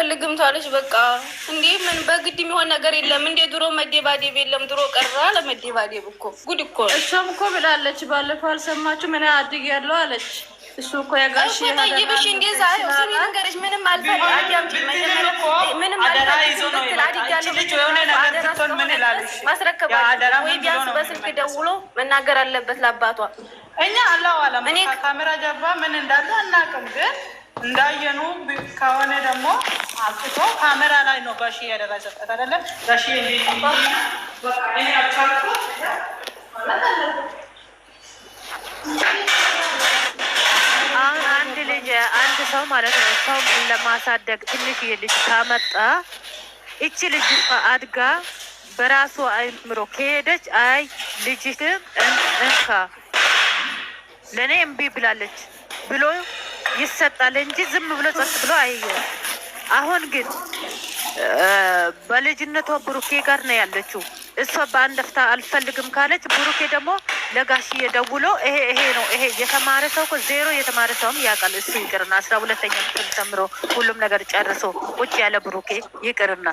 አልፈልግም ታለች። በቃ እንዴ ምን በግድ የሚሆን ነገር የለም። እንዴ ድሮ መደባደብ የለም ድሮ ቀረ ለመደባደብ እኮ ጉድ እኮ እሷም እኮ ብላለች። ባለፈው አልሰማችሁ ምን አድግ ያለው አለች። እሱ እኮ ያጋሽ ጠይብሽ እንዴ ዛሬ ስሚ ነገረች። ምንም አልፈል አዲያምጭ ወይ ቢያንስ በስልክ ደውሎ መናገር አለበት ለአባቷ። እኛ አላዋለም እኔ ካሜራ ጀርባ ምን እንዳለ አናውቅም ግን እንዳየኑ ከሆነ ደግሞ አጥቶ ካሜራ ላይ ነው ጋሼ ያደረሰበት አይደለ? ጋሼ አሁን አንድ ልጅ አንድ ሰው ማለት ነው ሰው ለማሳደግ ትንሽ የልጅ ካመጣ እቺ ልጅ አድጋ በራሱ አይምሮ ከሄደች አይ ልጅትም እንካ ለእኔ እምቢ ብላለች ብሎ ይሰጣል እንጂ ዝም ብሎ ጸጥ ብሎ አይየ። አሁን ግን በልጅነቷ ብሩኬ ጋር ነው ያለችው። እሷ በአንድ ፍታ አልፈልግም ካለች፣ ብሩኬ ደግሞ ለጋሽዬ ደውሎ ይሄ ይሄ ነው ይሄ የተማረ ሰው እኮ ዜሮ የተማረ ሰውም ያውቃል። እሱ ይቅርና አስራ ሁለተኛ ክፍል ተምሮ ሁሉም ነገር ጨርሶ ውጭ ያለ ብሩኬ ይቅርና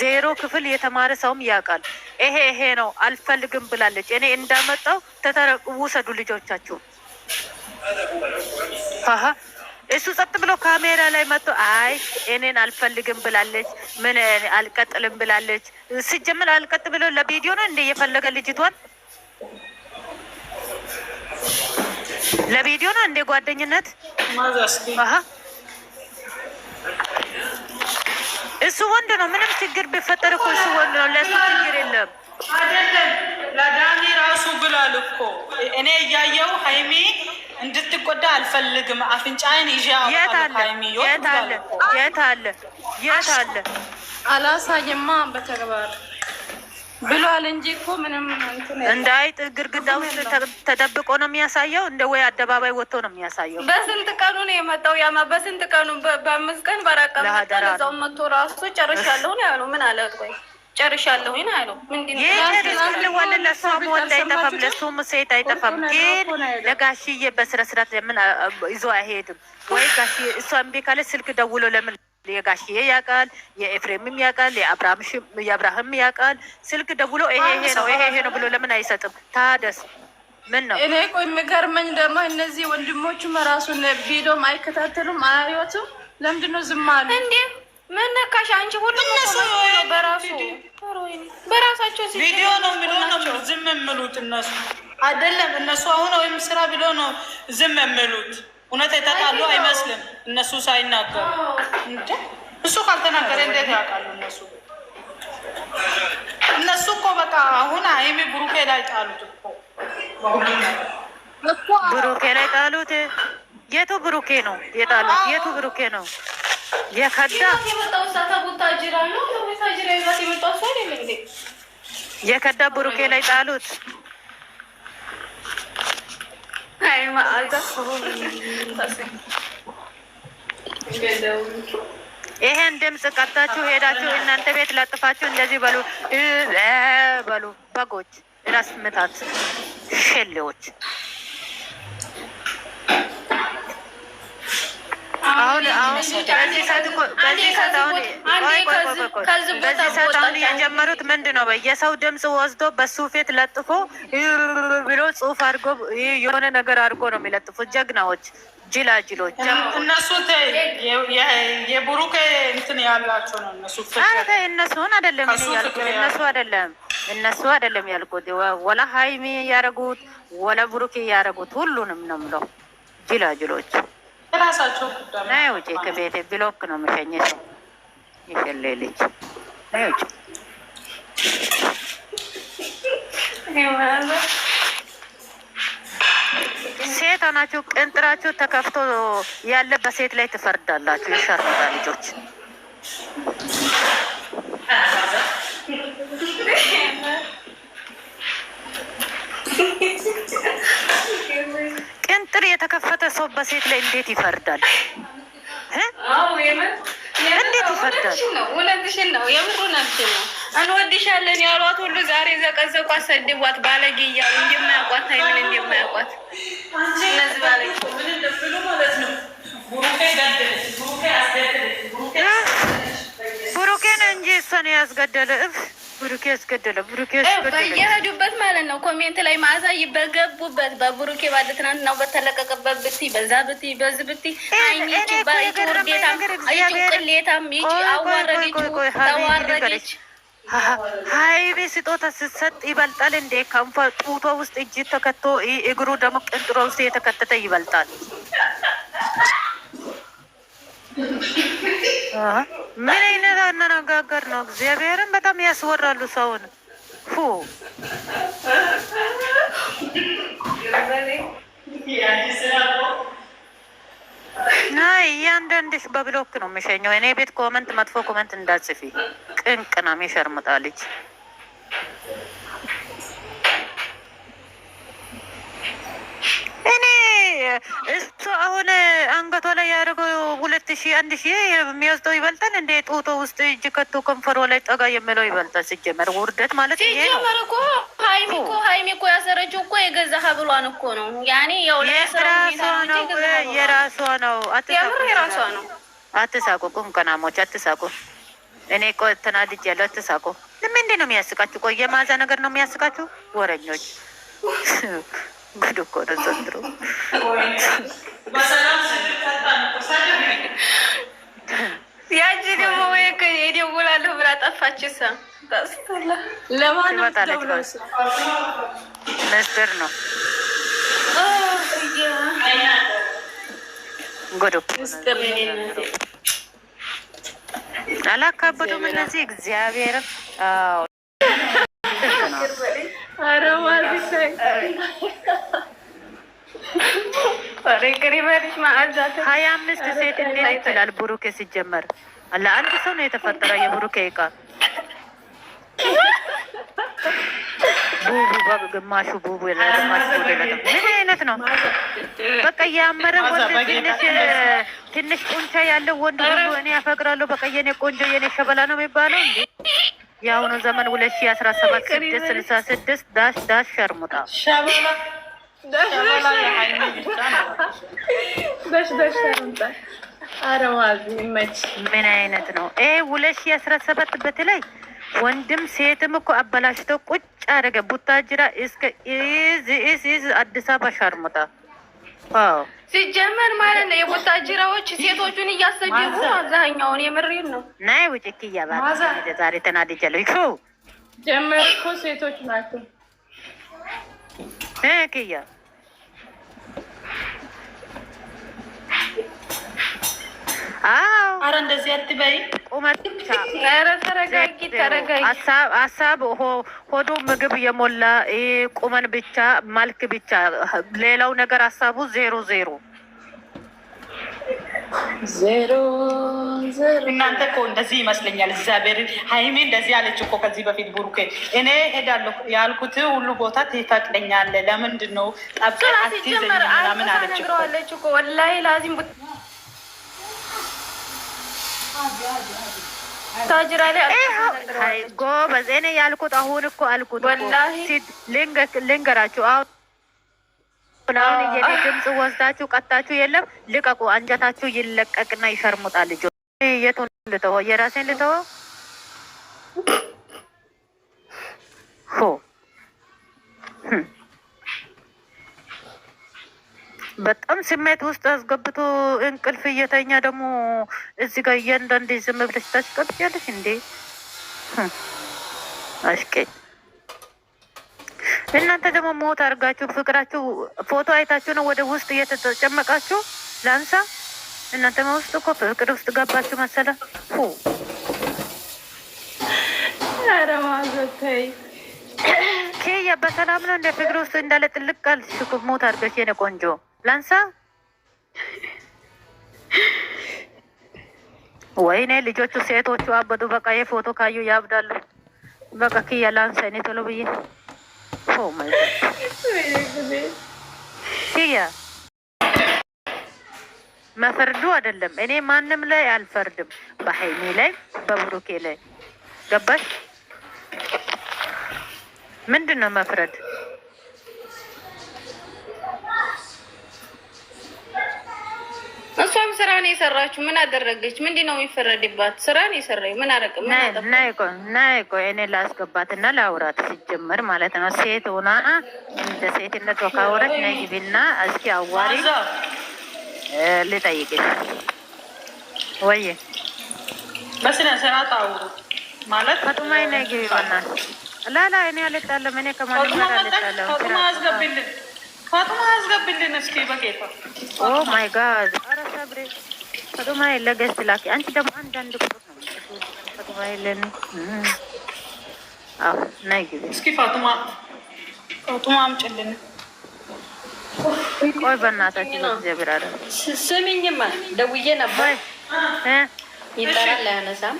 ዜሮ ክፍል የተማረ ሰውም ያውቃል። ይሄ ይሄ ነው አልፈልግም ብላለች። እኔ እንዳመጣው ተተረቅ ውሰዱ ልጆቻችሁ እሱ ጸጥ ብሎ ካሜራ ላይ መጥቶ አይ እኔን አልፈልግም ብላለች፣ ምን አልቀጥልም ብላለች። ስጀምር አልቀጥ ብሎ ለቪዲዮ ነው እንደ እየፈለገ ልጅቷን ለቪዲዮ ነው እንደ ጓደኝነት እሱ ወንድ ነው። ምንም ችግር ቢፈጠር እኮ እሱ ወንድ ነው። ለእሱ ችግር የለም። አይደለም ለዳኒ ራሱ ብላል እኮ እኔ እያየው ሀይሜ እንድትጎዳ አልፈልግም። አፍንጫዬን ይዤ አላሳይማ በተግባር ብሏል እንጂ እኮ ምንም እንዳይጥ ግርግዳ ውስጥ ተደብቆ ነው የሚያሳየው። እንደ ወይ አደባባይ ወጥቶ ነው የሚያሳየው። በስንት ቀኑ ነው የመጣው? ያማ በስንት ቀኑ? በአምስት ቀን በራቀ ዛው መጥቶ ራሱ ጨርሻለሁ ያሉ ምን አለ ቆይ ጨርሻለሁ ነው ያለው። ምንድነውልዋለላ ወንድ አይጠፋም፣ ለሱም ሴት አይጠፋም። ግን ለጋሽዬ በስነ ስርዓት ለምን ይዞ አይሄድም ወይ? ጋሽዬ እሷ እምቢ ካለ ስልክ ደውሎ ለምን የጋሽዬ ያውቃል፣ የኤፍሬምም ያውቃል፣ የአብርሃም ያውቃል። ስልክ ደውሎ ይሄ ይሄ ነው ይሄ ይሄ ነው ብሎ ለምን አይሰጥም? ታደስ ምን ነው እኔ ቆይ የሚገርመኝ ደግሞ እነዚህ ወንድሞቹም ራሱን ቪዲዮም አይከታተሉም፣ አያዩትም። ለምንድን ነው ዝም አሉ እንዴ? ምን ነካሽ አንቺ ሁሉ እነሱ በራሳቸው ቪዲዮ ነው ብሎ ነው ዝም የምሉት እነሱ አይደለም። እነሱ አሁን ወይም ስራ ብሎ ነው ዝም የምሉት። እውነት የተጣሉ አይመስልም እነሱ ሳይናገሩ። እሱ ካልተናገረ እንዴት ያውቃሉ እነሱ? እነሱ እኮ በቃ አሁን አይሚ ብሩኬ ላይ ጣሉት እኮ ብሩኬ ላይ ጣሉት። የቱ ብሩኬ ነው የጣሉት? የቱ ብሩኬ ነው የከዳ የከዳ ብሩኬ ላይ ጣሉት። ይሄን ድምፅ ቀርታችሁ ሄዳችሁ እናንተ ቤት ለጥፋችሁ እንደዚህ በሉ በሉ። በጎች ራስ ምታት ሸሌዎች አሁን በዚህ ሰዓት አሁን የጀመሩት ምንድን ነው? የሰው ድምፅ ወስዶ በሱ ፊት ለጥፎ ብሎ ጽሑፍ አድርጎ የሆነ ነገር አድርጎ ነው የሚለጥፉት። ጀግናዎች፣ ጅላጅሎች እነሱ የቡሩክ እንትን ያላቸው ነው። እነሱ እነሱን አይደለም ያልኩት፣ እነሱ አይደለም እነሱ አይደለም ያልኩት። ወላ ሀይሚ ያደረጉት ወላ ቡሩክ ያደረጉት ሁሉንም ነው የምለው ጅላጅሎች የራሳቸው ጉዳይ ነው። ውጭ ከቤቴ ብሎክ ነው የሚሸኘት የሸሌ ልጅ ውጭ ሴት ሆናችሁ ቅንጥራችሁ ተከፍቶ ያለ በሴት ላይ ትፈርዳላችሁ። የሸረዳ ልጆች ስንጥር የተከፈተ ሰው በሴት ላይ እንዴት ይፈርዳል? እንዴት ይፈርዳል? እንወድሻለን ያሏት ሁሉ ዛሬ ዘቀዘቁ፣ አሰድቧት፣ ባለጌ እያሉ እንደማያውቋት ሀይሚን እንደማያውቋት እነዚህ ነው እንጂ እሷን ያስገደለ ብሩኬ ያስገደለው ብሩኬ የሄዱበት ማለት ነው። ኮሜንት ላይ ማዕዛ ይበገቡበት በብሩኬ ባለ ትናንትና ነው በተለቀቀበት ብቲ በዛ ብቲ በዚህ ብቲ አይኒች ባይቱ ውርዴታም አይቱ ቅሌታም ይቺ አዋረደች ተዋረደች። ሀይቤ ስጦታ ስትሰጥ ይበልጣል እንዴ? ከንፈ ጡቶ ውስጥ እጅ ተከቶ እግሩ ደግሞ ቅንጥሮ ውስጥ የተከተተ ይበልጣል። ምን አይነት አነጋገር ነው? እግዚአብሔርን በጣም ያስወራሉ ሰውን። ፉ ናይ እያንዳንድሽ በብሎክ ነው የሚሸኘው። እኔ ቤት ኮመንት፣ መጥፎ ኮመንት እንዳጽፊ። ቅንቅና የሚሸርምጣ ልጅ እኔ እሱ አሁን የሚያደርገው ሁለት ሺ አንድ ሺ የሚወስደው ይበልጠን እንደ ጡጦ ውስጥ እጅ ከቶ ከንፈሮ ላይ ጠጋ የምለው ይበልጠን። ስጀመር ውርደት ማለት ሲጀመር እኮ ሀይሚ እኮ ሀይሚ እኮ ያሰረችው እኮ የገዛ ሀብሏን እኮ ነው። ያኔ ያው የራሷ ነው የራሷ ነው። የምር የራሷ ነው። አትሳቁ ቁምቀናሞች አትሳቁ። እኔ ቆ ተናድጅ ያለው አትሳቁ። ምንድን ነው የሚያስቃችሁ? ቆየ ማዛ ነገር ነው የሚያስቃችሁ ወረኞች። ጉድ እኮ ነው ዘንድሮ። ያቺ ደግሞ ወይ እደውላለሁ ብላ ጠፋች። እሷ ነው። ጉድ አላካበዱም እነዚህ እግዚአብሔር ሀያ አምስት ሴት እንዴት ይችላል? ብሩኬ ሲጀመር ለአንድ ሰው ነው የተፈጠረ። የብሩኬ እቃ ቡቡ ግማሹ ቡቡ ምን አይነት ነው? በቃ ያመረ ወንድ ትንሽ ትንሽ ቁንቻ ያለው ወንድ ሁሉ እኔ ያፈቅራለሁ። በቃ የኔ ቆንጆ የኔ ሸበላ ነው የሚባለው እንዴ? የአሁኑ ዘመን ሁለት ሺህ አስራ ሰባት ስድስት ስልሳ ስድስት ዳሽ ዳሽ ሸርሙጣ ምን አይነት ነው ይሄ? ሁለት ሺህ አስራ ሰባት በተለይ ወንድም ሴትም እኮ አበላሽተው ቁጭ አደረገ። ቡታጅራ እስከ ኢዝ ኢዝ አዲስ አበባ ሸርሙጣ ሲጀመር ማለት ነው የቡታጅራዎች ሴቶቹን እያሰደቡ አብዛኛውን የምሬን ነው። ናይ ውጭ ዛሬ ተናድጃለሁ። ጀመር እኮ ሴቶች ናቸው። ክያ አረ እንደዚህ አትበይ። ቁመት ብቻ ሀሳብ ሆዱ ምግብ የሞላ ቁመን ብቻ መልክ ብቻ ሌላው ነገር ሀሳቡ ዜሮ ዜሮ ዜሮ ዜሮ። እናንተ እኮ እንደዚህ ይመስለኛል። እግዚአብሔርን ሀይሜ እንደዚህ አለች እኮ ከዚህ በፊት ቡሩኬ፣ እኔ ሄዳለሁ ያልኩት ሁሉ ቦታ ትፈቅደኛለህ፣ ለምንድን ነው ጠብቀህ አትይዘኝ ምናምን አለች እኮ ወላሂ ላዚም ጎበዝ እኔ ያልኩት አሁን እኮ አልኩት ልንገራችሁ። አሁን አሁን እየኔ ድምፅ ወስዳችሁ ቀጣችሁ የለም ልቀቁ። አንጀታችሁ ይለቀቅና ይሸርሙጣል። ልጆ የቱን ልተወ? የራሴን ልተወ? ሆ በጣም ስሜት ውስጥ አስገብቶ እንቅልፍ እየተኛ ደግሞ እዚህ ጋር እያንዳንድ ዝም ብለሽ ታስቀብጫለሽ እንዴ? አሽቀኝ እናንተ ደግሞ ሞት አድርጋችሁ ፍቅራችሁ ፎቶ አይታችሁ ነው ወደ ውስጥ እየተጨመቃችሁ ላንሳ። እናንተ ውስጥ እኮ ፍቅር ውስጥ ገባችሁ መሰለ። ኧረ ማዘተይ ኬያ በሰላም ነው እንደ ፍቅር ውስጥ እንዳለ ጥልቅ ቃል ሽኩ ሞት አድርገሽ የኔ ቆንጆ ላንሳ ወይኔ ልጆቹ ሴቶቹ አበዱ። በቃ የፎቶ ካዩ ያብዳሉ። በቃ ክያ ላንሳ እኔ ቶሎ ብዬ oh ክያ መፈርዱ አይደለም። እኔ ማንም ላይ አልፈርድም። በሀይሚ ላይ በብሩኬ ላይ ገባሽ? ምንድን ነው መፍረድ? ስራን የሰራችሁ ምን አደረገች? ምንድን ነው የሚፈረድባት? ስራን የሰራ ምን አረቅ ናይ እኔ ላስገባት እና ላውራት ሲጀመር ማለት ነው። ሴት ሆና እንደ ሴትነት ካወረች ናይ ግቢና እስኪ አዋሪ ልጠይቅሽ ወይ በስነ ስርዓት አውሩ ማለት ፈቱማይ ናይ ግቢ ባና ላላ እኔ አልጣለም። እኔ ከማንም ጋር አልጣለም። ከቱማ አስገብልን ከቱማ አስገብልን እስኪ በጌታ ኦ ማይ ጋድ አረ ሰብሬ ፈጡማ የለ ገስ ላኪ አንቺ ደግሞ አንዳንድ ቁጥር ነው። ፈጡማ የለን ናይ ጊዜ እስኪ ፋጡማ ፋጡማ አምጭልን። ቆይ በእናታችን እግዚአብሔር አለ ስሚኝማ፣ ደውዬ ነበር ይጠራል፣ አያነሳም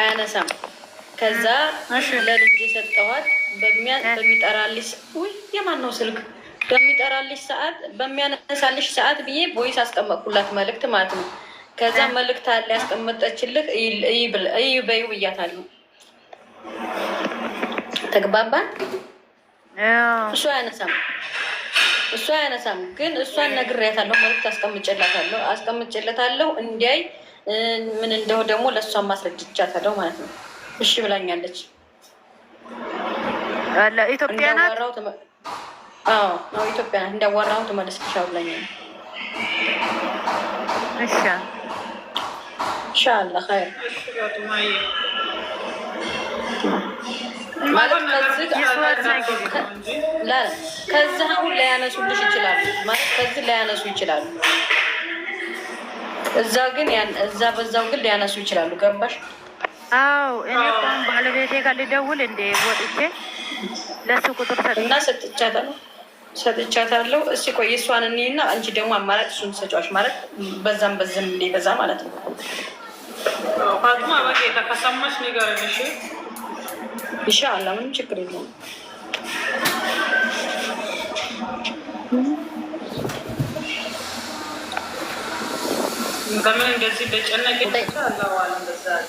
አያነሳም። ከዛ ለልጅ የሰጠኋት በሚጠራልሽ ውይ የማን ነው ስልክ በሚጠራልሽ ሰዓት በሚያነሳልሽ ሰዓት ብዬ ቦይስ አስቀመጥኩላት መልእክት ማለት ነው። ከዛ መልእክት አለ ያስቀመጠችልህ እዩ በዩ ብያታለሁ። ተግባባን። እሱ አያነሳም እሱ አያነሳም፣ ግን እሷን ነግሬያታለሁ። መልእክት አስቀምጬላታለሁ አስቀምጬላታለሁ እንዲያይ ምን እንደው ደግሞ ለእሷን ማስረድቻታለሁ ማለት ነው። እሺ ብላኛለች። ኢትዮጵያ ናት። አዎ ኢትዮጵያ ናት። እንዳዋራሁ ትመለስልሻለሁ ብላኛል። እሺ ኸይር ማለት ከዚህ አሁን ላያነሱልሽ ይችላሉ። ማለት ከዚህ ላያነሱ ይችላሉ። እዛ ግን እዛ በዛው ግን ሊያነሱ ይችላሉ። ገባሽ? አዎ እኔ ባለቤቴ ጋር ልደውል እንደ ወጥቼ ለሱ ቁጥር ሰጥና ሰጥቻታለሁ። ሰጥቻታለሁ። እስኪ ቆይ እሷን እኔና አንቺ ደግሞ አማራጭ እሱን ሰጫዎች ማለት በዛም በዝም እንዲበዛ ማለት ነው። ፋጡማ በጌታ ከሰማሽ ንገረኝ እሺ። ኢንሻላህ ምንም ችግር የለውም። ከምን እንደዚህ በጨነቀ ይቻላል።